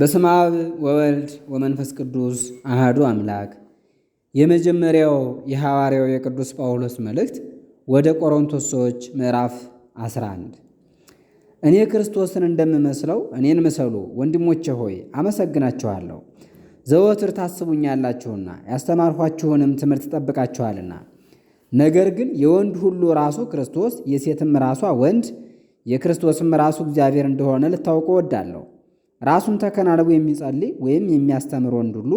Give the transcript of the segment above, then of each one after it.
በስመ አብ ወወልድ ወመንፈስ ቅዱስ አሃዱ አምላክ። የመጀመሪያው የሐዋርያው የቅዱስ ጳውሎስ መልእክት ወደ ቆሮንቶስ ሰዎች ምዕራፍ 11 እኔ ክርስቶስን እንደምመስለው እኔን ምሰሉ። ወንድሞቼ ሆይ አመሰግናችኋለሁ፣ ዘወትር ታስቡኛላችሁና ያስተማርኋችሁንም ትምህርት ጠብቃችኋልና። ነገር ግን የወንድ ሁሉ ራሱ ክርስቶስ፣ የሴትም ራሷ ወንድ፣ የክርስቶስም ራሱ እግዚአብሔር እንደሆነ ልታውቁ እወዳለሁ። ራሱን ተከናንቦ የሚጸልይ ወይም የሚያስተምር ወንድ ሁሉ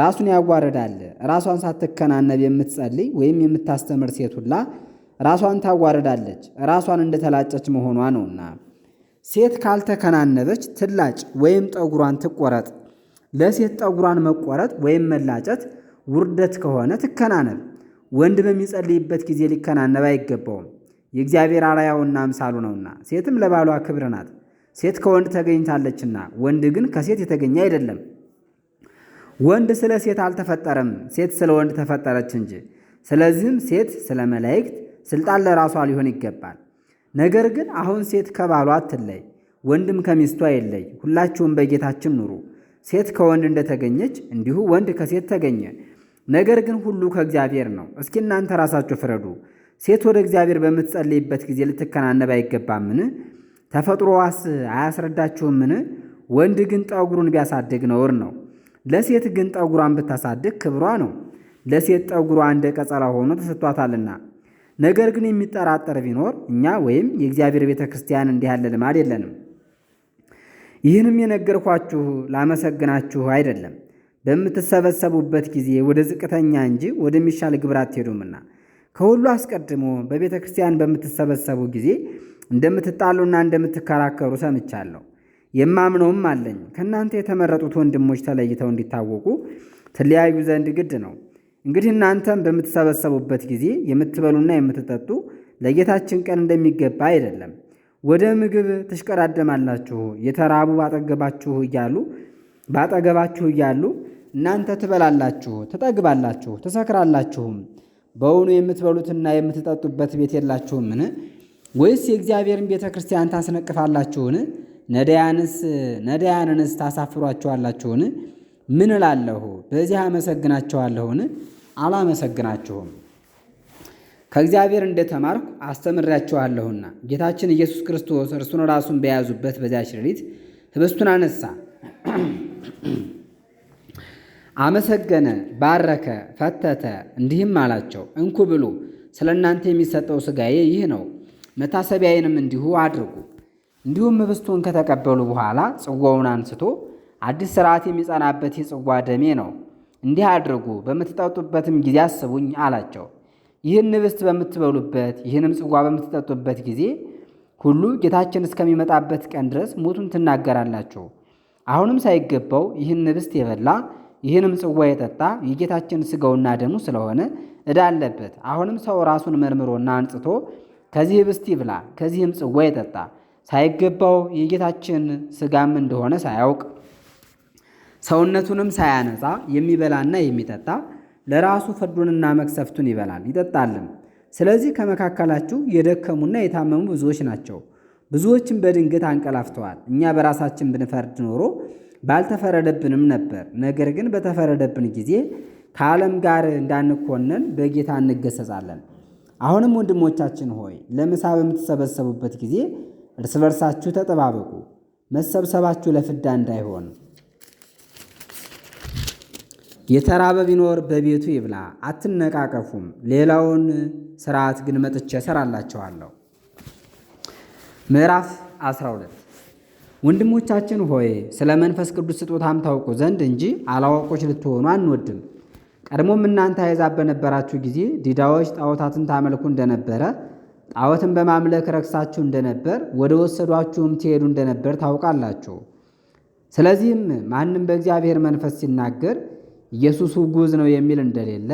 ራሱን ያዋርዳል። ራሷን ሳትከናነብ የምትጸልይ ወይም የምታስተምር ሴት ሁላ ራሷን ታዋርዳለች፣ ራሷን እንደተላጨች መሆኗ ነውና። ሴት ካልተከናነበች ትላጭ ወይም ጠጉሯን ትቆረጥ። ለሴት ጠጉሯን መቆረጥ ወይም መላጨት ውርደት ከሆነ ትከናነብ። ወንድ በሚጸልይበት ጊዜ ሊከናነብ አይገባውም፣ የእግዚአብሔር አርአያውና አምሳሉ ነውና። ሴትም ለባሏ ክብር ናት። ሴት ከወንድ ተገኝታለችና፣ ወንድ ግን ከሴት የተገኘ አይደለም። ወንድ ስለ ሴት አልተፈጠረም፣ ሴት ስለ ወንድ ተፈጠረች እንጂ። ስለዚህም ሴት ስለ መላእክት ስልጣን ለራሷ ሊሆን ይገባል። ነገር ግን አሁን ሴት ከባሏ አትለይ፣ ወንድም ከሚስቱ አይለይ። ሁላችሁም በጌታችን ኑሩ። ሴት ከወንድ እንደተገኘች እንዲሁ ወንድ ከሴት ተገኘ። ነገር ግን ሁሉ ከእግዚአብሔር ነው። እስኪ እናንተ ራሳችሁ ፍረዱ። ሴት ወደ እግዚአብሔር በምትጸልይበት ጊዜ ልትከናነብ አይገባምን? ተፈጥሮዋስ አያስረዳችሁምን? ወንድ ግን ጠጉሩን ቢያሳድግ ነውር ነው፣ ለሴት ግን ጠጉሯን ብታሳድግ ክብሯ ነው። ለሴት ጠጉሯ እንደ ቀጸላ ሆኖ ተሰጥቷታልና። ነገር ግን የሚጠራጠር ቢኖር እኛ ወይም የእግዚአብሔር ቤተ ክርስቲያን እንዲህ ያለ ልማድ የለንም። ይህንም የነገርኳችሁ ላመሰግናችሁ አይደለም፣ በምትሰበሰቡበት ጊዜ ወደ ዝቅተኛ እንጂ ወደሚሻል ግብር አትሄዱምና። ከሁሉ አስቀድሞ በቤተ ክርስቲያን በምትሰበሰቡ ጊዜ እንደምትጣሉና እንደምትከራከሩ ሰምቻለሁ። የማምነውም አለኝ ከእናንተ የተመረጡት ወንድሞች ተለይተው እንዲታወቁ ትለያዩ ዘንድ ግድ ነው። እንግዲህ እናንተም በምትሰበሰቡበት ጊዜ የምትበሉና የምትጠጡ ለጌታችን ቀን እንደሚገባ አይደለም። ወደ ምግብ ትሽቀዳደማላችሁ። የተራቡ ባጠገባችሁ እያሉ ባጠገባችሁ እያሉ እናንተ ትበላላችሁ፣ ትጠግባላችሁ፣ ትሰክራላችሁም። በውኑ የምትበሉትና የምትጠጡበት ቤት የላችሁምን? ወይስ የእግዚአብሔርን ቤተ ክርስቲያን ታስነቅፋላችሁን? ነዳያንስ ነዳያንንስ ታሳፍሯቸዋላችሁን? ምን እላለሁ? በዚህ አመሰግናቸዋለሁን? አላመሰግናችሁም። ከእግዚአብሔር እንደተማርኩ አስተምሬያችኋለሁና ጌታችን ኢየሱስ ክርስቶስ እርሱን ራሱን በያዙበት በዚያች ሌሊት ህብስቱን አነሳ፣ አመሰገነ፣ ባረከ፣ ፈተተ፣ እንዲህም አላቸው፦ እንኩ ብሉ፣ ስለ እናንተ የሚሰጠው ሥጋዬ ይህ ነው። መታሰቢያዬንም እንዲሁ አድርጉ። እንዲሁም ኅብስቱን ከተቀበሉ በኋላ ጽዋውን አንስቶ አዲስ ሥርዓት የሚጸናበት የጽዋ ደሜ ነው፣ እንዲህ አድርጉ፣ በምትጠጡበትም ጊዜ አስቡኝ አላቸው። ይህን ኅብስት በምትበሉበት ይህንም ጽዋ በምትጠጡበት ጊዜ ሁሉ ጌታችን እስከሚመጣበት ቀን ድረስ ሞቱን ትናገራላችሁ። አሁንም ሳይገባው ይህን ኅብስት የበላ ይህንም ጽዋ የጠጣ የጌታችን ሥጋውና ደሙ ስለሆነ ዕዳ አለበት። አሁንም ሰው ራሱን መርምሮና አንጽቶ ከዚህ ብስቲ ብላ ከዚህም ጽዋ ይጠጣ፣ ሳይገባው የጌታችን ስጋም እንደሆነ ሳያውቅ ሰውነቱንም ሳያነጻ የሚበላና የሚጠጣ ለራሱ ፍርዱንና መቅሰፍቱን ይበላል ይጠጣልም። ስለዚህ ከመካከላችሁ የደከሙና የታመሙ ብዙዎች ናቸው። ብዙዎችም በድንገት አንቀላፍተዋል። እኛ በራሳችን ብንፈርድ ኖሮ ባልተፈረደብንም ነበር። ነገር ግን በተፈረደብን ጊዜ ከዓለም ጋር እንዳንኮነን በጌታ እንገሰጻለን። አሁንም ወንድሞቻችን ሆይ ለምሳ በምትሰበሰቡበት ጊዜ እርስ በርሳችሁ ተጠባበቁ፣ መሰብሰባችሁ ለፍዳ እንዳይሆን። የተራበ ቢኖር በቤቱ ይብላ፣ አትነቃቀፉም። ሌላውን ስርዓት ግን መጥቼ እሰራላችኋለሁ። ምዕራፍ 12 ወንድሞቻችን ሆይ ስለ መንፈስ ቅዱስ ስጦታም ታውቁ ዘንድ እንጂ አላዋቆች ልትሆኑ አንወድም። ቀድሞም እናንተ አሕዛብ በነበራችሁ ጊዜ ዲዳዎች ጣዖታትን ታመልኩ እንደነበረ ጣዖትን በማምለክ ረክሳችሁ እንደነበር ወደ ወሰዷችሁም ትሄዱ እንደነበር ታውቃላችሁ። ስለዚህም ማንም በእግዚአብሔር መንፈስ ሲናገር ኢየሱስ ውጉዝ ነው የሚል እንደሌለ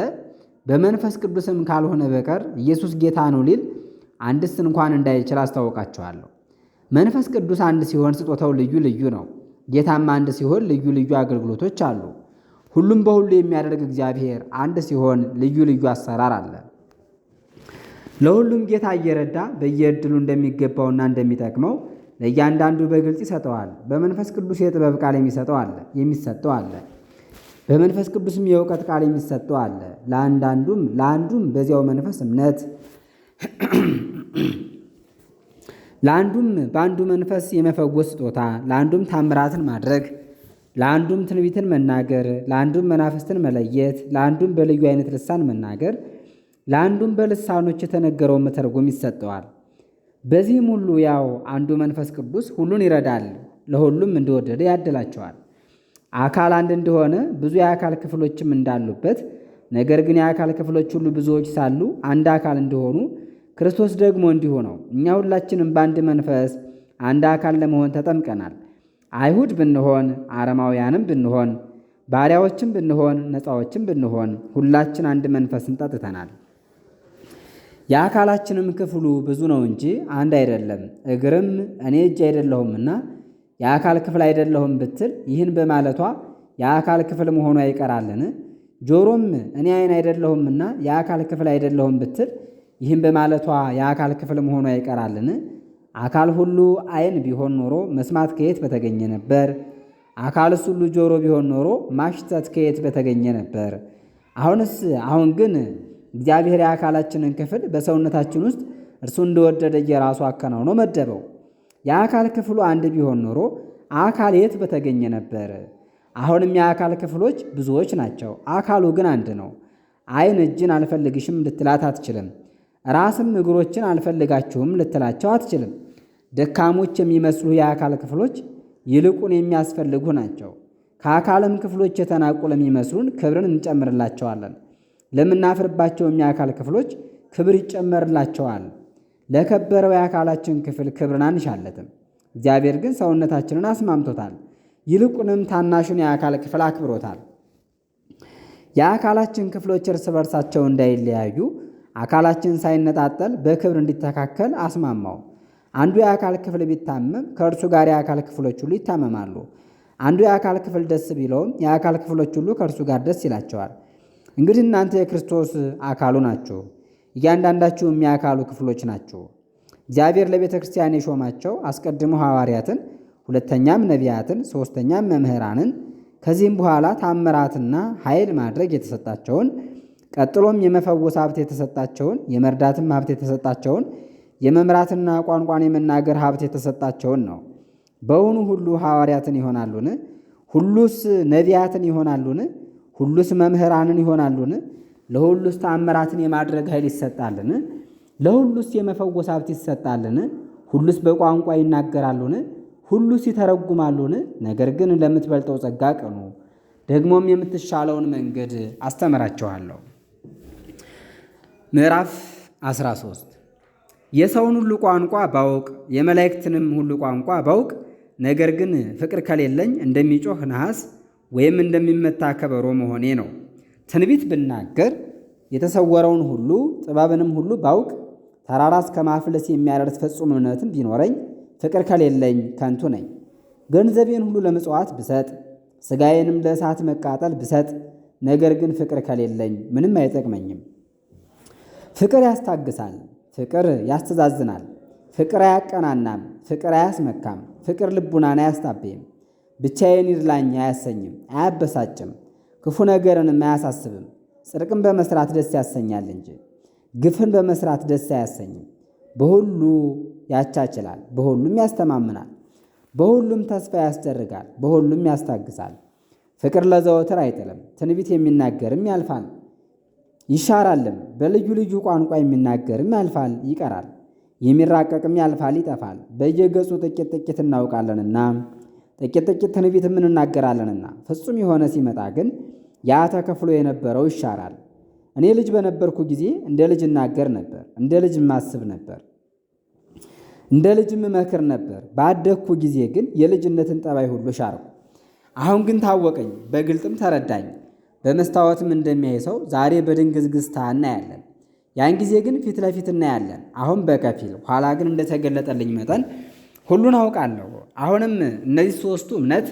በመንፈስ ቅዱስም ካልሆነ በቀር ኢየሱስ ጌታ ነው ሊል አንድስ እንኳን እንዳይችል አስታውቃችኋለሁ። መንፈስ ቅዱስ አንድ ሲሆን ስጦታው ልዩ ልዩ ነው። ጌታም አንድ ሲሆን ልዩ ልዩ አገልግሎቶች አሉ። ሁሉም በሁሉ የሚያደርግ እግዚአብሔር አንድ ሲሆን ልዩ ልዩ አሰራር አለ። ለሁሉም ጌታ እየረዳ በየዕድሉ እንደሚገባውና እንደሚጠቅመው ለእያንዳንዱ በግልጽ ይሰጠዋል። በመንፈስ ቅዱስ የጥበብ ቃል የሚሰጠው አለ የሚሰጠው አለ። በመንፈስ ቅዱስም የእውቀት ቃል የሚሰጠው አለ። ለአንዳንዱም ለአንዱም በዚያው መንፈስ እምነት ለአንዱም በአንዱ መንፈስ የመፈወስ ስጦታ ለአንዱም ታምራትን ማድረግ ለአንዱም ትንቢትን መናገር፣ ለአንዱም መናፍስትን መለየት፣ ለአንዱም በልዩ አይነት ልሳን መናገር፣ ለአንዱም በልሳኖች የተነገረውን መተርጎም ይሰጠዋል። በዚህም ሁሉ ያው አንዱ መንፈስ ቅዱስ ሁሉን ይረዳል፣ ለሁሉም እንደወደደ ያደላቸዋል። አካል አንድ እንደሆነ ብዙ የአካል ክፍሎችም እንዳሉበት፣ ነገር ግን የአካል ክፍሎች ሁሉ ብዙዎች ሳሉ አንድ አካል እንደሆኑ ክርስቶስ ደግሞ እንዲሁ ነው። እኛ ሁላችንም በአንድ መንፈስ አንድ አካል ለመሆን ተጠምቀናል። አይሁድ ብንሆን አረማውያንም ብንሆን ባሪያዎችም ብንሆን ነፃዎችም ብንሆን ሁላችን አንድ መንፈስን ጠጥተናል። የአካላችንም ክፍሉ ብዙ ነው እንጂ አንድ አይደለም። እግርም እኔ እጅ አይደለሁምና የአካል ክፍል አይደለሁም ብትል ይህን በማለቷ የአካል ክፍል መሆኑ አይቀራልን ጆሮም እኔ ዓይን አይደለሁምና የአካል ክፍል አይደለሁም ብትል ይህን በማለቷ የአካል ክፍል መሆኑ አይቀራልን። አካል ሁሉ ዓይን ቢሆን ኖሮ መስማት ከየት በተገኘ ነበር? አካልስ ሁሉ ጆሮ ቢሆን ኖሮ ማሽተት ከየት በተገኘ ነበር? አሁንስ አሁን ግን እግዚአብሔር የአካላችንን ክፍል በሰውነታችን ውስጥ እርሱ እንደወደደ የራሱ አከናውኖ መደበው። የአካል ክፍሉ አንድ ቢሆን ኖሮ አካል የት በተገኘ ነበር? አሁንም የአካል ክፍሎች ብዙዎች ናቸው፣ አካሉ ግን አንድ ነው። ዓይን እጅን አልፈልግሽም ልትላት አትችልም። ራስም እግሮችን አልፈልጋችሁም ልትላቸው አትችልም። ደካሞች የሚመስሉ የአካል ክፍሎች ይልቁን የሚያስፈልጉ ናቸው። ከአካልም ክፍሎች የተናቁ ለሚመስሉን ክብርን እንጨምርላቸዋለን። ለምናፍርባቸው የአካል ክፍሎች ክብር ይጨመርላቸዋል። ለከበረው የአካላችን ክፍል ክብርን አንሻለትም። እግዚአብሔር ግን ሰውነታችንን አስማምቶታል፣ ይልቁንም ታናሹን የአካል ክፍል አክብሮታል። የአካላችን ክፍሎች እርስ በርሳቸው እንዳይለያዩ አካላችን ሳይነጣጠል በክብር እንዲተካከል አስማማው። አንዱ የአካል ክፍል ቢታመም ከእርሱ ጋር የአካል ክፍሎች ሁሉ ይታመማሉ። አንዱ የአካል ክፍል ደስ ቢለውም የአካል ክፍሎች ሁሉ ከእርሱ ጋር ደስ ይላቸዋል። እንግዲህ እናንተ የክርስቶስ አካሉ ናችሁ፣ እያንዳንዳችሁም የአካሉ ክፍሎች ናችሁ። እግዚአብሔር ለቤተ ክርስቲያን የሾማቸው አስቀድሞ ሐዋርያትን፣ ሁለተኛም ነቢያትን፣ ሦስተኛም መምህራንን ከዚህም በኋላ ታምራትና ኃይል ማድረግ የተሰጣቸውን ቀጥሎም የመፈወስ ሀብት የተሰጣቸውን የመርዳትም ሀብት የተሰጣቸውን የመምራትና ቋንቋን የመናገር ሀብት የተሰጣቸውን ነው። በውኑ ሁሉ ሐዋርያትን ይሆናሉን? ሁሉስ ነቢያትን ይሆናሉን? ሁሉስ መምህራንን ይሆናሉን? ለሁሉስ ተአምራትን የማድረግ ኃይል ይሰጣልን? ለሁሉስ የመፈወስ ሀብት ይሰጣልን? ሁሉስ በቋንቋ ይናገራሉን? ሁሉስ ይተረጉማሉን? ነገር ግን ለምትበልጠው ጸጋ ቅኑ፣ ደግሞም የምትሻለውን መንገድ አስተምራቸዋለሁ። ምዕራፍ 13 የሰውን ሁሉ ቋንቋ ባውቅ የመላእክትንም ሁሉ ቋንቋ ባውቅ፣ ነገር ግን ፍቅር ከሌለኝ እንደሚጮህ ነሐስ ወይም እንደሚመታ ከበሮ መሆኔ ነው። ትንቢት ብናገር የተሰወረውን ሁሉ ጥበብንም ሁሉ ባውቅ፣ ተራራ እስከ ማፍለስ የሚያደርስ ፍጹም እምነትም ቢኖረኝ፣ ፍቅር ከሌለኝ ከንቱ ነኝ። ገንዘቤን ሁሉ ለምጽዋት ብሰጥ፣ ሥጋዬንም ለእሳት መቃጠል ብሰጥ፣ ነገር ግን ፍቅር ከሌለኝ ምንም አይጠቅመኝም። ፍቅር ያስታግሳል ፍቅር ያስተዛዝናል፣ ፍቅር አያቀናናም፣ ፍቅር አያስመካም፣ ፍቅር ልቡናን አያስታብይም፣ ብቻዬን ይድላኝ አያሰኝም፣ አያበሳጭም፣ ክፉ ነገርንም አያሳስብም። ጽድቅን በመስራት ደስ ያሰኛል እንጂ ግፍን በመስራት ደስ አያሰኝም። በሁሉ ያቻችላል፣ በሁሉም ያስተማምናል፣ በሁሉም ተስፋ ያስደርጋል፣ በሁሉም ያስታግሳል። ፍቅር ለዘወትር አይጥልም፣ ትንቢት የሚናገርም ያልፋል። ይሻራልም። በልዩ ልዩ ቋንቋ የሚናገርም ያልፋል ይቀራል፣ የሚራቀቅም ያልፋል ይጠፋል። በየገጹ ጥቂት ጥቂት እናውቃለንና ጥቂት ጥቂት ትንቢትም እንናገራለንና ፍጹም የሆነ ሲመጣ ግን ያ ተከፍሎ የነበረው ይሻራል። እኔ ልጅ በነበርኩ ጊዜ እንደ ልጅ እናገር ነበር፣ እንደ ልጅ ማስብ ነበር፣ እንደ ልጅ መክር ነበር። ባደግኩ ጊዜ ግን የልጅነትን ጠባይ ሁሉ ሻርኩ። አሁን ግን ታወቀኝ፣ በግልጥም ተረዳኝ። በመስታወትም እንደሚያይ ሰው ዛሬ በድንግዝግዝታ እናያለን። ያን ጊዜ ግን ፊት ለፊት እናያለን። አሁን በከፊል ኋላ ግን እንደተገለጠልኝ መጠን ሁሉን አውቃለሁ። አሁንም እነዚህ ሶስቱ እምነት፣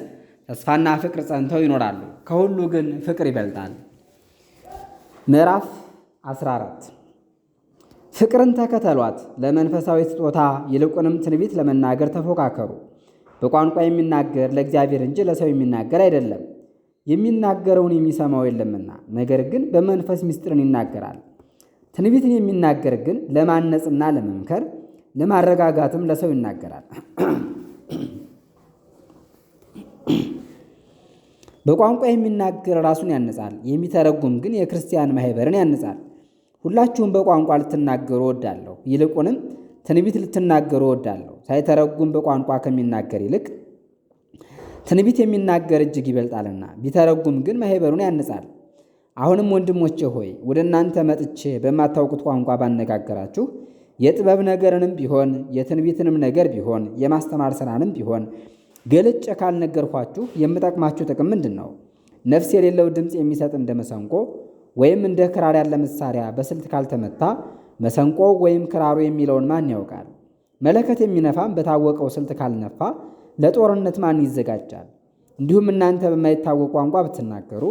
ተስፋና ፍቅር ጸንተው ይኖራሉ። ከሁሉ ግን ፍቅር ይበልጣል። ምዕራፍ 14 ፍቅርን ተከተሏት። ለመንፈሳዊ ስጦታ ይልቁንም ትንቢት ለመናገር ተፎካከሩ። በቋንቋ የሚናገር ለእግዚአብሔር እንጂ ለሰው የሚናገር አይደለም። የሚናገረውን የሚሰማው የለምና፣ ነገር ግን በመንፈስ ምስጢርን ይናገራል። ትንቢትን የሚናገር ግን ለማነጽና ለመምከር ለማረጋጋትም ለሰው ይናገራል። በቋንቋ የሚናገር ራሱን ያነጻል፣ የሚተረጉም ግን የክርስቲያን ማኅበርን ያነጻል። ሁላችሁም በቋንቋ ልትናገሩ እወዳለሁ፣ ይልቁንም ትንቢት ልትናገሩ እወዳለሁ። ሳይተረጉም በቋንቋ ከሚናገር ይልቅ ትንቢት የሚናገር እጅግ ይበልጣልና ቢተረጉም ግን ማኅበሩን ያንጻል። አሁንም ወንድሞቼ ሆይ ወደ እናንተ መጥቼ በማታውቁት ቋንቋ ባነጋገራችሁ የጥበብ ነገርንም ቢሆን የትንቢትንም ነገር ቢሆን የማስተማር ሥራንም ቢሆን ገልጬ ካልነገርኳችሁ የምጠቅማችሁ ጥቅም ምንድን ነው? ነፍስ የሌለው ድምፅ የሚሰጥ እንደ መሰንቆ ወይም እንደ ክራር ያለ መሳሪያ በስልት ካልተመታ መሰንቆ ወይም ክራሩ የሚለውን ማን ያውቃል? መለከት የሚነፋም በታወቀው ስልት ካልነፋ ለጦርነት ማን ይዘጋጃል? እንዲሁም እናንተ በማይታወቅ ቋንቋ ብትናገሩ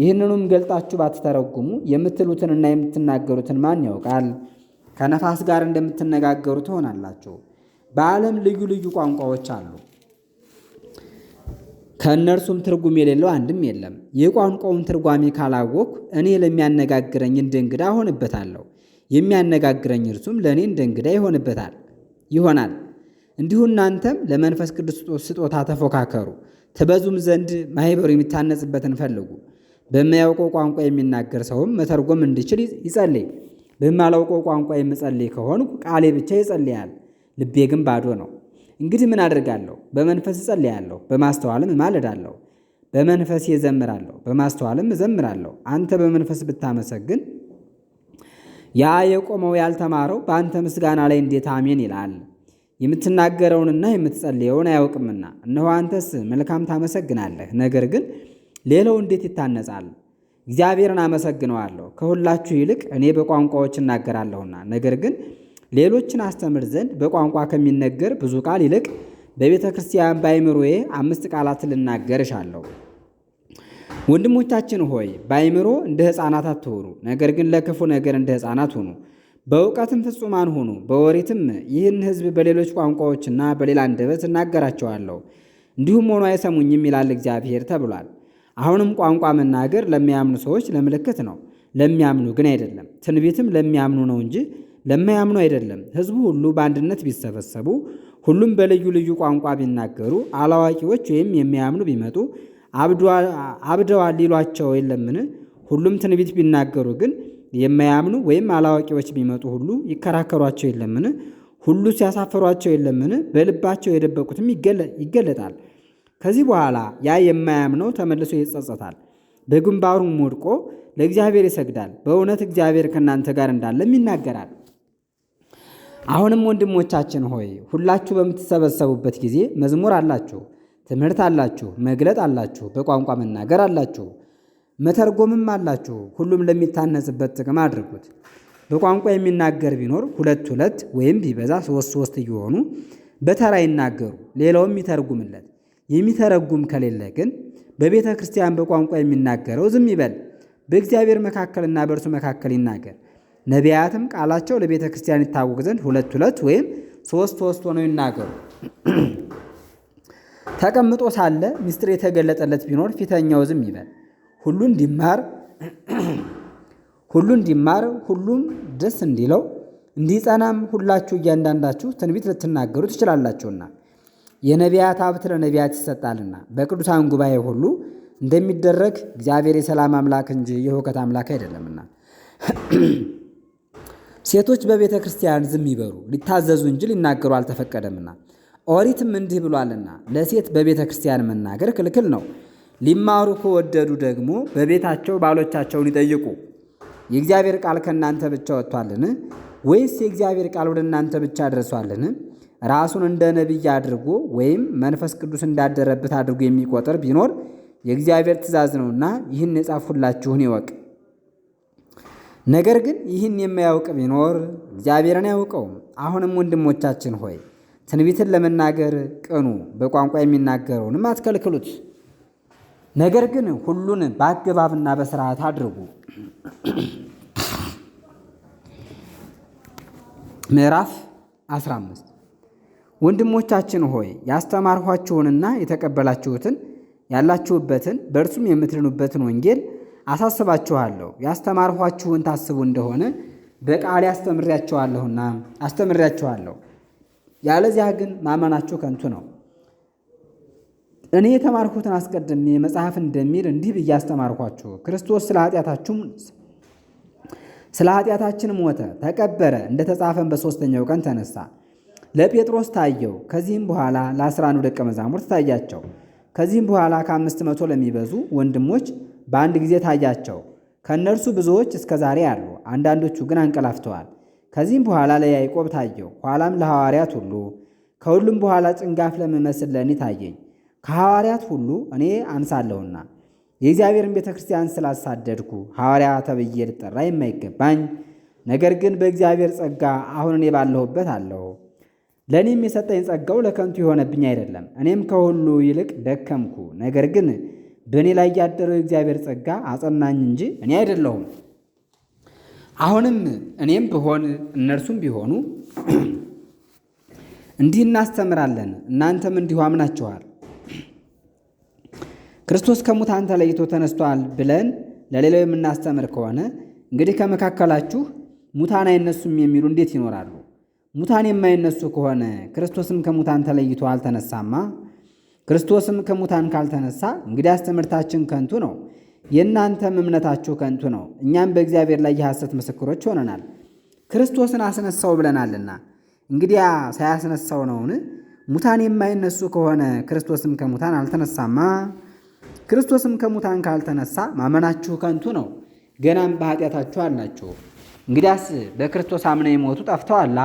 ይህንኑም ገልጣችሁ ባትተረጉሙ የምትሉትንና የምትናገሩትን ማን ያውቃል? ከነፋስ ጋር እንደምትነጋገሩ ትሆናላችሁ። በዓለም ልዩ ልዩ ቋንቋዎች አሉ፣ ከእነርሱም ትርጉም የሌለው አንድም የለም። የቋንቋውን ትርጓሜ ካላወቅኩ እኔ ለሚያነጋግረኝ እንደ እንግዳ እሆንበታለሁ፣ የሚያነጋግረኝ እርሱም ለእኔ እንደ እንግዳ ይሆንበታል ይሆናል። እንዲሁ እናንተም ለመንፈስ ቅዱስ ስጦታ ተፎካከሩ፣ ትበዙም ዘንድ ማኅበሩ የሚታነጽበትን ፈልጉ። በማያውቀው ቋንቋ የሚናገር ሰውም መተርጎም እንዲችል ይጸልይ። በማላውቀው ቋንቋ የምጸልይ ከሆን ቃሌ ብቻ ይጸልያል፣ ልቤ ግን ባዶ ነው። እንግዲህ ምን አደርጋለሁ? በመንፈስ እጸልያለሁ፣ በማስተዋልም እማልዳለሁ። በመንፈስ እዘምራለሁ፣ በማስተዋልም እዘምራለሁ። አንተ በመንፈስ ብታመሰግን ያ የቆመው ያልተማረው በአንተ ምስጋና ላይ እንዴት አሜን ይላል። የምትናገረውንና የምትጸልየውን አያውቅምና። እነሆ አንተስ መልካም ታመሰግናለህ፣ ነገር ግን ሌላው እንዴት ይታነጻል? እግዚአብሔርን አመሰግነዋለሁ። ከሁላችሁ ይልቅ እኔ በቋንቋዎች እናገራለሁና። ነገር ግን ሌሎችን አስተምር ዘንድ በቋንቋ ከሚነገር ብዙ ቃል ይልቅ በቤተ ክርስቲያን በአእምሮዬ አምስት ቃላት ልናገር እሻለሁ። ወንድሞቻችን ሆይ በአይምሮ እንደ ሕፃናት አትሆኑ፣ ነገር ግን ለክፉ ነገር እንደ ሕፃናት ሁኑ። በእውቀትም ፍጹማን ሁኑ። በወሬትም ይህን ሕዝብ በሌሎች ቋንቋዎችና በሌላ አንደበት እናገራቸዋለሁ፣ እንዲሁም ሆኖ አይሰሙኝም ይላል እግዚአብሔር ተብሏል። አሁንም ቋንቋ መናገር ለሚያምኑ ሰዎች ለምልክት ነው፣ ለሚያምኑ ግን አይደለም። ትንቢትም ለሚያምኑ ነው እንጂ ለማያምኑ አይደለም። ሕዝቡ ሁሉ በአንድነት ቢሰበሰቡ፣ ሁሉም በልዩ ልዩ ቋንቋ ቢናገሩ፣ አላዋቂዎች ወይም የሚያምኑ ቢመጡ አብደዋል ሊሏቸው የለምን? ሁሉም ትንቢት ቢናገሩ ግን የማያምኑ ወይም አላዋቂዎች ቢመጡ ሁሉ ይከራከሯቸው የለምን? ሁሉ ሲያሳፍሯቸው የለምን? በልባቸው የደበቁትም ይገለጣል። ከዚህ በኋላ ያ የማያምነው ተመልሶ ይጸጸታል፣ በግንባሩም ወድቆ ለእግዚአብሔር ይሰግዳል፣ በእውነት እግዚአብሔር ከእናንተ ጋር እንዳለም ይናገራል። አሁንም ወንድሞቻችን ሆይ ሁላችሁ በምትሰበሰቡበት ጊዜ መዝሙር አላችሁ፣ ትምህርት አላችሁ፣ መግለጥ አላችሁ፣ በቋንቋ መናገር አላችሁ መተርጎምም አላችሁ። ሁሉም ለሚታነጽበት ጥቅም አድርጉት። በቋንቋ የሚናገር ቢኖር ሁለት ሁለት ወይም ቢበዛ ሶስት ሶስት እየሆኑ በተራ ይናገሩ፣ ሌላውም ይተርጉምለት። የሚተረጉም ከሌለ ግን በቤተ ክርስቲያን በቋንቋ የሚናገረው ዝም ይበል፣ በእግዚአብሔር መካከልና በእርሱ መካከል ይናገር። ነቢያትም ቃላቸው ለቤተ ክርስቲያን ይታወቅ ዘንድ ሁለት ሁለት ወይም ሶስት ሶስት ሆነው ይናገሩ። ተቀምጦ ሳለ ምስጢር የተገለጠለት ቢኖር ፊተኛው ዝም ይበል። ሁሉ እንዲማር ሁሉ እንዲማር ሁሉም ደስ እንዲለው እንዲጸናም ሁላችሁ እያንዳንዳችሁ ትንቢት ልትናገሩ ትችላላችሁና የነቢያት ሀብት ለነቢያት ይሰጣልና በቅዱሳን ጉባኤ ሁሉ እንደሚደረግ እግዚአብሔር የሰላም አምላክ እንጂ የሁከት አምላክ አይደለምና። ሴቶች በቤተ ክርስቲያን ዝም ይበሩ ሊታዘዙ እንጂ ሊናገሩ አልተፈቀደምና ኦሪትም እንዲህ ብሏልና ለሴት በቤተ ክርስቲያን መናገር ክልክል ነው። ሊማሩ ከወደዱ ደግሞ በቤታቸው ባሎቻቸውን ይጠይቁ። የእግዚአብሔር ቃል ከእናንተ ብቻ ወጥቷልን? ወይስ የእግዚአብሔር ቃል ወደ እናንተ ብቻ ደርሷልን? ራሱን እንደ ነቢይ አድርጎ ወይም መንፈስ ቅዱስ እንዳደረበት አድርጎ የሚቆጠር ቢኖር የእግዚአብሔር ትእዛዝ ነውና ይህን የጻፍሁላችሁን ይወቅ። ነገር ግን ይህን የማያውቅ ቢኖር እግዚአብሔርን አያውቀውም። አሁንም ወንድሞቻችን ሆይ ትንቢትን ለመናገር ቅኑ፣ በቋንቋ የሚናገረውንም አትከልክሉት። ነገር ግን ሁሉን በአገባብና በስርዓት አድርጉ። ምዕራፍ 15 ወንድሞቻችን ሆይ ያስተማርኋችሁንና የተቀበላችሁትን ያላችሁበትን በእርሱም የምትድኑበትን ወንጌል አሳስባችኋለሁ። ያስተማርኋችሁን ታስቡ እንደሆነ በቃል ያስተምሬያችኋለሁና አስተምሬያችኋለሁ። ያለዚያ ግን ማመናችሁ ከንቱ ነው፣ እኔ የተማርኩትን አስቀድሜ መጽሐፍ እንደሚል እንዲህ ብዬ አስተማርኳችሁ። ክርስቶስ ስለ ስለ ኃጢአታችን ሞተ፣ ተቀበረ፣ እንደተጻፈን በሦስተኛው ቀን ተነሳ። ለጴጥሮስ ታየው። ከዚህም በኋላ ለአስራ አንዱ ደቀ መዛሙርት ታያቸው። ከዚህም በኋላ ከአምስት መቶ ለሚበዙ ወንድሞች በአንድ ጊዜ ታያቸው። ከእነርሱ ብዙዎች እስከ ዛሬ አሉ፣ አንዳንዶቹ ግን አንቀላፍተዋል። ከዚህም በኋላ ለያዕቆብ ታየው፣ ኋላም ለሐዋርያት ሁሉ። ከሁሉም በኋላ ጭንጋፍ ለምመስል ለእኔ ታየኝ። ከሐዋርያት ሁሉ እኔ አንሳለሁና የእግዚአብሔርን ቤተ ክርስቲያን ስላሳደድኩ ሐዋርያ ተብዬ ልጠራ የማይገባኝ ነገር ግን በእግዚአብሔር ጸጋ አሁን እኔ ባለሁበት አለሁ። ለእኔም የሰጠኝ ጸጋው ለከንቱ የሆነብኝ አይደለም። እኔም ከሁሉ ይልቅ ደከምኩ፣ ነገር ግን በእኔ ላይ ያደረው የእግዚአብሔር ጸጋ አጸናኝ እንጂ እኔ አይደለሁም። አሁንም እኔም ብሆን እነርሱም ቢሆኑ እንዲህ እናስተምራለን፣ እናንተም እንዲሁ አምናችኋል። ክርስቶስ ከሙታን ተለይቶ ተነስቷል ብለን ለሌላው የምናስተምር ከሆነ እንግዲህ ከመካከላችሁ ሙታን አይነሱም የሚሉ እንዴት ይኖራሉ? ሙታን የማይነሱ ከሆነ ክርስቶስም ከሙታን ተለይቶ አልተነሳማ። ክርስቶስም ከሙታን ካልተነሳ እንግዲህ አስተምህርታችን ከንቱ ነው፣ የእናንተም እምነታችሁ ከንቱ ነው። እኛም በእግዚአብሔር ላይ የሐሰት ምስክሮች ሆነናል፣ ክርስቶስን አስነሳው ብለናልና። እንግዲያ ሳያስነሳው ነውን? ሙታን የማይነሱ ከሆነ ክርስቶስም ከሙታን አልተነሳማ። ክርስቶስም ከሙታን ካልተነሳ ማመናችሁ ከንቱ ነው፣ ገናም በኃጢአታችሁ አላችሁ። እንግዲያስ በክርስቶስ አምነው የሞቱ ጠፍተዋላ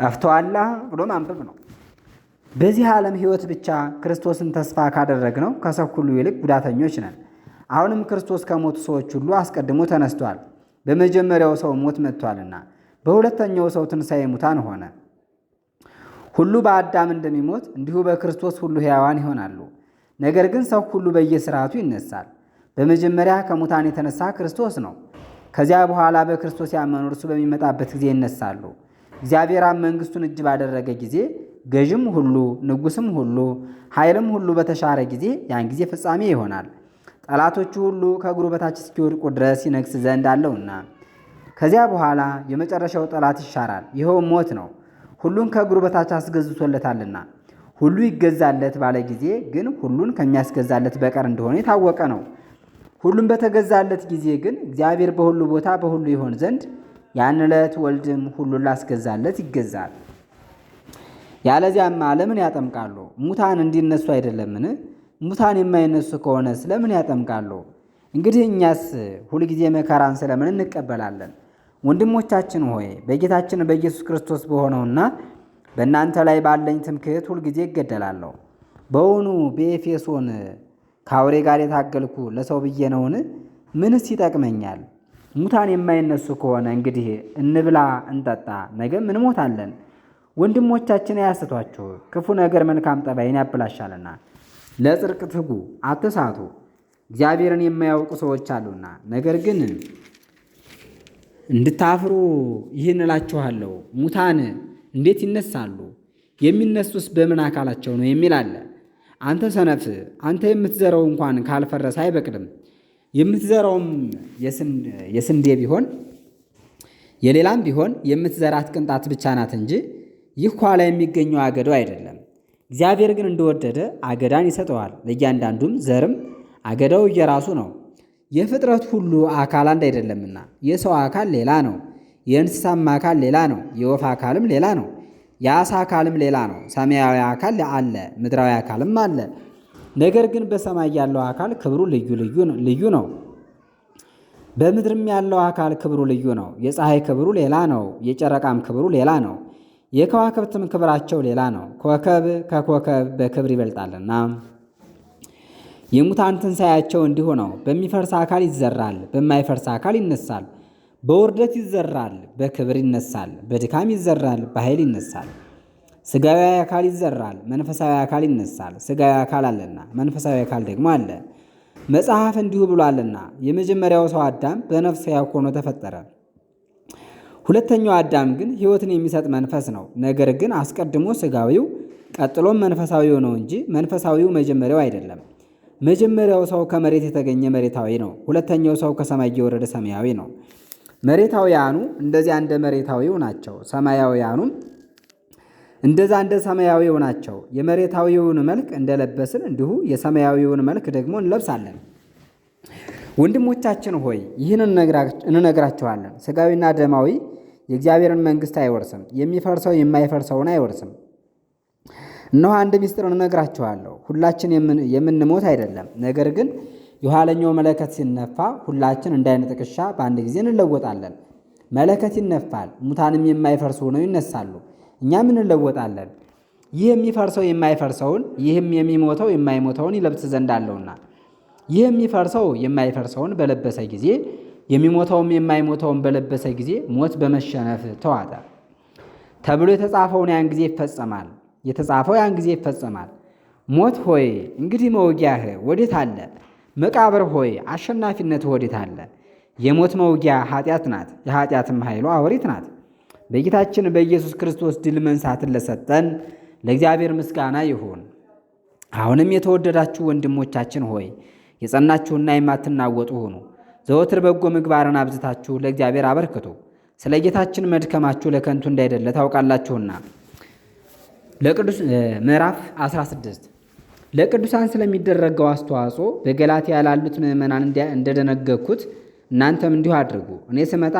ጠፍተዋላ ብሎ ማንበብ ነው። በዚህ ዓለም ሕይወት ብቻ ክርስቶስን ተስፋ ካደረግነው ከሰው ሁሉ ይልቅ ጉዳተኞች ነን። አሁንም ክርስቶስ ከሞቱ ሰዎች ሁሉ አስቀድሞ ተነስቷል፣ በመጀመሪያው ሰው ሞት መጥቷልና፣ በሁለተኛው ሰው ትንሣኤ ሙታን ሆነ። ሁሉ በአዳም እንደሚሞት እንዲሁ በክርስቶስ ሁሉ ሕያዋን ይሆናሉ። ነገር ግን ሰው ሁሉ በየስርዓቱ ይነሳል። በመጀመሪያ ከሙታን የተነሳ ክርስቶስ ነው። ከዚያ በኋላ በክርስቶስ ያመኑ እርሱ በሚመጣበት ጊዜ ይነሳሉ። እግዚአብሔር አብ መንግስቱን እጅ ባደረገ ጊዜ ገዥም ሁሉ ንጉስም ሁሉ ኃይልም ሁሉ በተሻረ ጊዜ ያን ጊዜ ፍጻሜ ይሆናል። ጠላቶቹ ሁሉ ከእግሩ በታች እስኪወድቁ ድረስ ይነግስ ዘንድ አለውና ከዚያ በኋላ የመጨረሻው ጠላት ይሻራል። ይኸውም ሞት ነው። ሁሉን ከእግሩ በታች አስገዝቶለታልና ሁሉ ይገዛለት ባለ ጊዜ ግን ሁሉን ከሚያስገዛለት በቀር እንደሆነ የታወቀ ነው። ሁሉም በተገዛለት ጊዜ ግን እግዚአብሔር በሁሉ ቦታ በሁሉ ይሆን ዘንድ ያን ዕለት ወልድም ሁሉን ላስገዛለት ይገዛል። ያለዚያማ ለምን ያጠምቃሉ? ሙታን እንዲነሱ አይደለምን? ሙታን የማይነሱ ከሆነ ስለምን ያጠምቃሉ? እንግዲህ እኛስ ሁልጊዜ መከራን ስለምን እንቀበላለን? ወንድሞቻችን ሆይ በጌታችን በኢየሱስ ክርስቶስ በሆነውና በእናንተ ላይ ባለኝ ትምክህት ሁልጊዜ እገደላለሁ። በውኑ በኤፌሶን ከአውሬ ጋር የታገልኩ ለሰው ብዬ ነውን? ምንስ ይጠቅመኛል? ሙታን የማይነሱ ከሆነ እንግዲህ እንብላ እንጠጣ፣ ነገም እንሞታለን። ወንድሞቻችን አያስቷችሁ፣ ክፉ ነገር መልካም ጠባይን ያበላሻልና። ለጽርቅ ትጉ፣ አትሳቱ፣ እግዚአብሔርን የማያውቁ ሰዎች አሉና። ነገር ግን እንድታፍሩ ይህን እላችኋለሁ ሙታን እንዴት ይነሳሉ? የሚነሱስ በምን አካላቸው ነው የሚል አለ። አንተ ሰነፍ፣ አንተ የምትዘራው እንኳን ካልፈረሰ አይበቅልም። የምትዘራውም የስንዴ ቢሆን የሌላም ቢሆን የምትዘራት ቅንጣት ብቻ ናት እንጂ ይህ ኋላ የሚገኘው አገዳው አይደለም። እግዚአብሔር ግን እንደወደደ አገዳን ይሰጠዋል፣ ለእያንዳንዱም ዘርም አገዳው እየራሱ ነው። የፍጥረት ሁሉ አካል አንድ አይደለምና የሰው አካል ሌላ ነው። የእንስሳም አካል ሌላ ነው። የወፍ አካልም ሌላ ነው። የአሳ አካልም ሌላ ነው። ሰማያዊ አካል አለ፣ ምድራዊ አካልም አለ። ነገር ግን በሰማይ ያለው አካል ክብሩ ልዩ ልዩ ነው። በምድርም ያለው አካል ክብሩ ልዩ ነው። የፀሐይ ክብሩ ሌላ ነው። የጨረቃም ክብሩ ሌላ ነው። የከዋክብትም ክብራቸው ሌላ ነው። ኮከብ ከኮከብ በክብር ይበልጣልና። የሙታን ትንሣኤያቸው እንዲሁ ነው። በሚፈርስ አካል ይዘራል፣ በማይፈርስ አካል ይነሳል። በውርደት ይዘራል፣ በክብር ይነሳል። በድካም ይዘራል፣ በኃይል ይነሳል። ስጋዊ አካል ይዘራል፣ መንፈሳዊ አካል ይነሳል። ስጋዊ አካል አለና መንፈሳዊ አካል ደግሞ አለ። መጽሐፍ እንዲሁ ብሏልና የመጀመሪያው ሰው አዳም በነፍስ ሕያው ሆኖ ተፈጠረ። ሁለተኛው አዳም ግን ሕይወትን የሚሰጥ መንፈስ ነው። ነገር ግን አስቀድሞ ስጋዊው ቀጥሎም መንፈሳዊው ነው እንጂ መንፈሳዊው መጀመሪያው አይደለም። መጀመሪያው ሰው ከመሬት የተገኘ መሬታዊ ነው። ሁለተኛው ሰው ከሰማይ የወረደ ሰማያዊ ነው። መሬታውያኑ እንደዚያ እንደ መሬታዊው ናቸው፣ ሰማያውያኑም እንደዛ እንደ ሰማያዊው ናቸው። የመሬታዊውን መልክ እንደለበስን እንዲሁ የሰማያዊውን መልክ ደግሞ እንለብሳለን። ወንድሞቻችን ሆይ ይህን እንነግራችኋለን። ስጋዊና ደማዊ የእግዚአብሔርን መንግሥት አይወርስም። የሚፈርሰው የማይፈርሰውን አይወርስም። እነሆ አንድ ሚስጥር እንነግራችኋለሁ። ሁላችን የምንሞት አይደለም፣ ነገር ግን የኋለኛው መለከት ሲነፋ ሁላችን እንደ አይነ ጥቅሻ በአንድ ጊዜ እንለወጣለን። መለከት ይነፋል፣ ሙታንም የማይፈርሱ ሆነው ይነሳሉ፣ እኛም እንለወጣለን። ይህ የሚፈርሰው የማይፈርሰውን ይህም የሚሞተው የማይሞተውን ይለብስ ዘንድ አለውና ይህ የሚፈርሰው የማይፈርሰውን በለበሰ ጊዜ የሚሞተውም የማይሞተውን በለበሰ ጊዜ ሞት በመሸነፍ ተዋጠ ተብሎ የተጻፈውን ያን ጊዜ ይፈጸማል። የተጻፈው ያን ጊዜ ይፈጸማል። ሞት ሆይ እንግዲህ መውጊያህ ወዴት አለ? መቃብር ሆይ አሸናፊነት ወዴት አለ? የሞት መውጊያ ኃጢአት ናት፣ የኃጢአትም ኃይሏ አውሪት ናት። በጌታችን በኢየሱስ ክርስቶስ ድል መንሳትን ለሰጠን ለእግዚአብሔር ምስጋና ይሁን። አሁንም የተወደዳችሁ ወንድሞቻችን ሆይ የጸናችሁና የማትናወጡ ሁኑ። ዘወትር በጎ ምግባርን አብዝታችሁ ለእግዚአብሔር አበርክቱ። ስለ ጌታችን መድከማችሁ ለከንቱ እንዳይደለ ታውቃላችሁና። ለቅዱስ ምዕራፍ 16 ለቅዱሳን ስለሚደረገው አስተዋጽኦ በገላትያ ላሉት ምእመናን እንደደነገግኩት እናንተም እንዲሁ አድርጉ። እኔ ስመጣ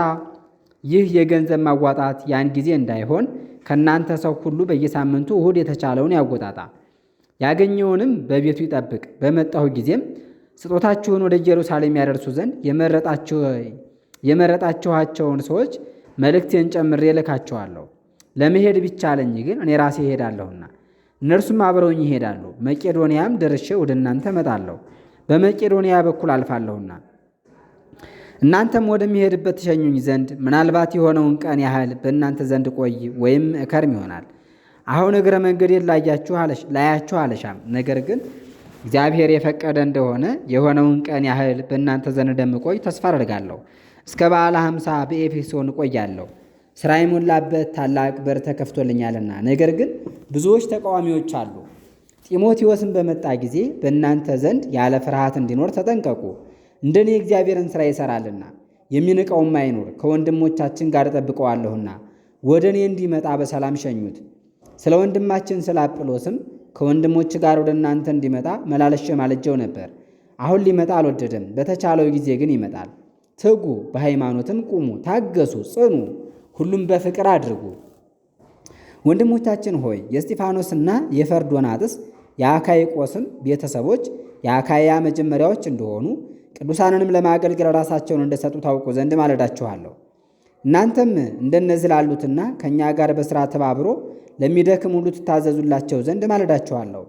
ይህ የገንዘብ ማዋጣት ያን ጊዜ እንዳይሆን ከእናንተ ሰው ሁሉ በየሳምንቱ እሁድ የተቻለውን ያወጣጣ፣ ያገኘውንም በቤቱ ይጠብቅ። በመጣሁ ጊዜም ስጦታችሁን ወደ ኢየሩሳሌም ያደርሱ ዘንድ የመረጣችኋቸውን ሰዎች መልእክቴን ጨምሬ እልካችኋለሁ። ለመሄድ ቢቻለኝ ግን እኔ ራሴ እሄዳለሁና እነርሱም አብረውኝ ይሄዳሉ። መቄዶንያም ደርሼ ወደ እናንተ እመጣለሁ፣ በመቄዶንያ በኩል አልፋለሁና እናንተም ወደሚሄድበት ትሸኙኝ ዘንድ ምናልባት የሆነውን ቀን ያህል በእናንተ ዘንድ ቆይ ወይም እከርም ይሆናል። አሁን እግረ መንገዴን ላያችሁ አለሻም። ነገር ግን እግዚአብሔር የፈቀደ እንደሆነ የሆነውን ቀን ያህል በእናንተ ዘንድ እንደምቆይ ተስፋ አደርጋለሁ። እስከ በዓለ ሀምሳ በኤፌሶን እቆያለሁ። ስራ የሞላበት ታላቅ በር ተከፍቶልኛልና። ነገር ግን ብዙዎች ተቃዋሚዎች አሉ። ጢሞቴዎስን በመጣ ጊዜ በእናንተ ዘንድ ያለ ፍርሃት እንዲኖር ተጠንቀቁ። እንደኔ እግዚአብሔርን ሥራ ይሠራልና የሚንቀውም አይኖር ከወንድሞቻችን ጋር እጠብቀዋለሁና ወደ እኔ እንዲመጣ በሰላም ሸኙት። ስለ ወንድማችን ስለ አጵሎስም ከወንድሞች ጋር ወደ እናንተ እንዲመጣ መላለሸ ማለጀው ነበር። አሁን ሊመጣ አልወደደም። በተቻለው ጊዜ ግን ይመጣል። ትጉ፣ በሃይማኖትም ቁሙ፣ ታገሱ፣ ጽኑ። ሁሉም በፍቅር አድርጉ። ወንድሞቻችን ሆይ የእስጢፋኖስና የፈርዶናጥስ የአካይቆስም ቤተሰቦች የአካያ መጀመሪያዎች እንደሆኑ ቅዱሳንንም ለማገልገል ራሳቸውን እንደሰጡ ታውቁ ዘንድ ማለዳችኋለሁ። እናንተም እንደነዚህ ላሉትና ከእኛ ጋር በሥራ ተባብሮ ለሚደክም ሁሉ ትታዘዙላቸው ዘንድ ማለዳችኋለሁ።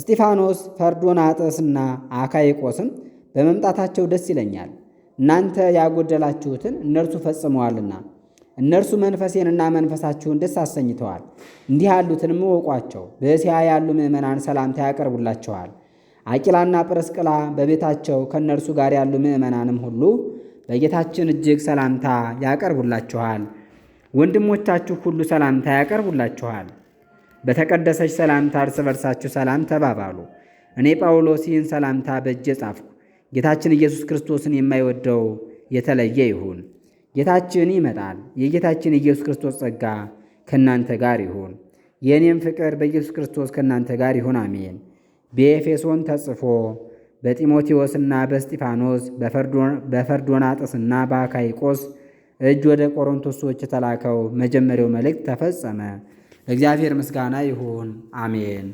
እስጢፋኖስ ፈርዶናጥስና አካይቆስም በመምጣታቸው ደስ ይለኛል። እናንተ ያጎደላችሁትን እነርሱ ፈጽመዋልና እነርሱ መንፈሴንና መንፈሳችሁን ደስ አሰኝተዋል። እንዲህ ያሉትንም እወቋቸው። በእስያ ያሉ ምእመናን ሰላምታ ያቀርቡላችኋል። አቂላና ጵርስቅላ በቤታቸው ከእነርሱ ጋር ያሉ ምእመናንም ሁሉ በጌታችን እጅግ ሰላምታ ያቀርቡላችኋል። ወንድሞቻችሁ ሁሉ ሰላምታ ያቀርቡላችኋል። በተቀደሰች ሰላምታ እርስ በርሳችሁ ሰላም ተባባሉ። እኔ ጳውሎስ ይህን ሰላምታ በእጄ ጻፍኩ። ጌታችን ኢየሱስ ክርስቶስን የማይወደው የተለየ ይሁን። ጌታችን ይመጣል። የጌታችን የኢየሱስ ክርስቶስ ጸጋ ከእናንተ ጋር ይሁን። የእኔም ፍቅር በኢየሱስ ክርስቶስ ከእናንተ ጋር ይሁን። አሜን። በኤፌሶን ተጽፎ በጢሞቴዎስና በስጢፋኖስ በፈርዶናጥስና በአካይቆስ እጅ ወደ ቆሮንቶሶች የተላከው መጀመሪያው መልእክት ተፈጸመ። እግዚአብሔር ምስጋና ይሁን። አሜን።